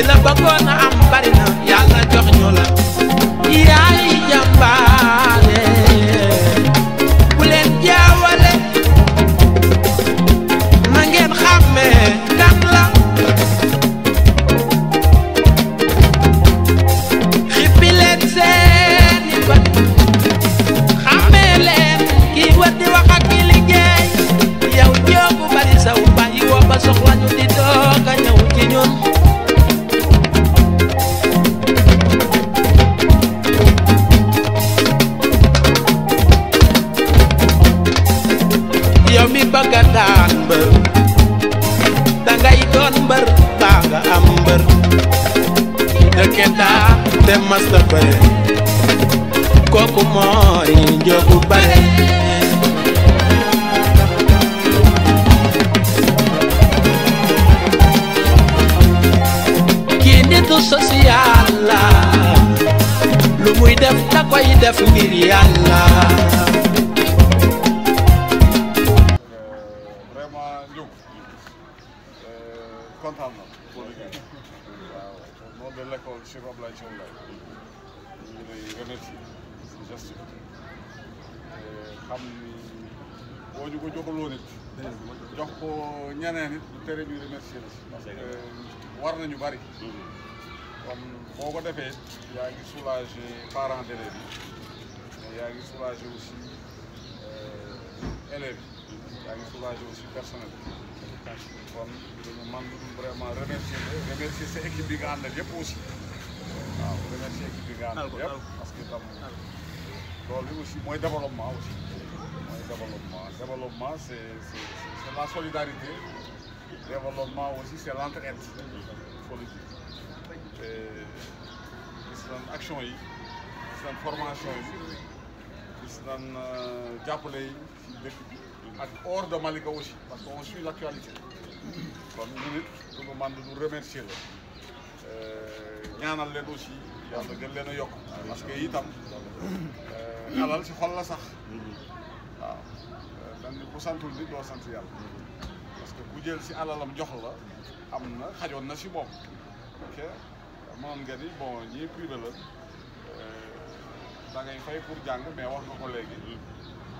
kila bagona am bari masta bare kooku mooy njoogu bare kii nitu social la lu muy def da koy contando na boo liggéey waaw moom de l'école Cheikh Abdoulaye Thiaw Laye ñu ngi lay remercier si geste bi xam ni boo ñu ko joxaloo nit jox ko ñeneen it já tere ñu remercier la si já que war nañu bari elevi é yaa ngi soulagé aussi personnel kon man vraiment remercier remercier sa équipe bi nga àndal yëpp aussi waaw remercier équipe bi nga àndal yëpp parce que tam loolu aussi mooy développement aussi mooy développement développement c'est c'est c'est la solidarité développement aussi c'est l'entraide politique te gis nañ action yi gis nañ formation yi gis nañ jàppale yi dëkk bi ak hors de Malika aussi parce que on suit l'actualité kon ñu nit suñu man du remercier la euh, ñaanal leen aussi yàlla gën leen a yokk parce que itam euh, alal si xol la sax waaw dañ euh, ni parce que ku jël si alalam jox la am na xajoon na si moom ok mënoon nga ni bon ñii privé la da fay pour jàng mais wax nga ko léegi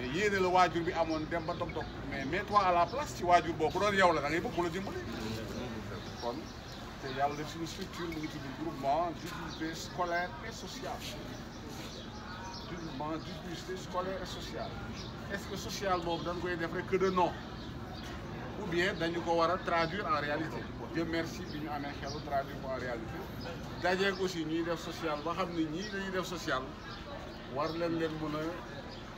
mais yéene le waajur bi amone dem ba tok tok mais mets-toi à la place ci wajur boo don doon yow la da ngay bëgg ku la dimbali kon te yàlla def suñu structure mu ngi tudd groupement d'utilité scolaire et sociale groupement d'utilité scolaire et sociale est-ce que social boobu dañ koy def rek que de nom ou bien dañ ko wara traduire en réalité Dieu merci bi ñu amee traduire ko en réalité dajé aussi ñuy def social ba xamni ne dañuy def social war leen leen mëna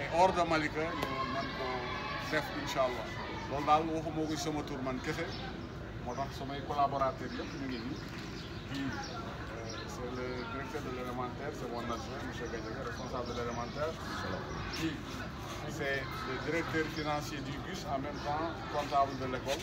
et hors de Malika il y a un un oh, chef, Inch'Allah. daal je suis un collaborateur, qui collaborateurs euh, le directeur de l'élémentaire, c'est Wanda est mon adjoint responsable de l'élémentaire, qui est le directeur financier du bus, en même temps comptable de l'école.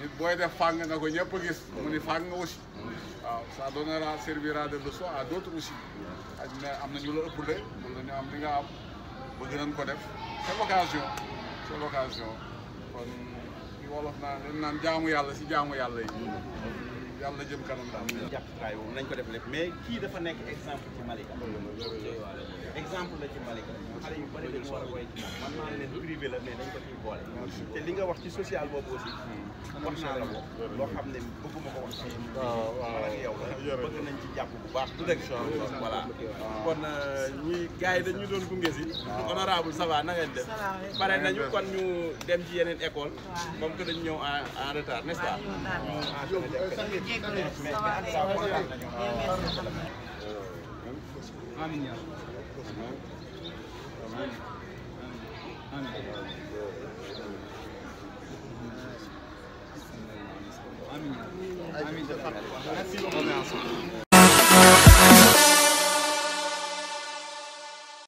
ni boy def fang nga ko ñëpp gis mu ni fang aussi waaw ça donnera servira de leçon à d' autres aussi ak ne am na ñu la ëpp de wala ñu am li nga am bëgg nañ ko def c' est l' occasion c' est l' occasion kon ñu wolof naa leen naan jaamu yàlla si jaamu yàlla yi yàlla jëm kanam daal. jàpp traay boobu nañ ko def lépp mais kii dafa nekk exemple ci Malika. exemple la ci Malika xale yu bëri dañu war a woy ci man maa leen privé la mais dañ ko li nga wax ci social boobu aussi wax naa la ko loo xam ne bëgguma ko wax ah, man ak yow la bëgg nañ ci jàpp bu baax du rek voilà kon euh, ñuy gars yi dañu doon gunge si ah. honorable ça na ngeen def pare dem ci yeneen école comme que dañu ñëw en retard nest Amen. Amen. Amen. Amen. Amen. Amen. Amen. Amen.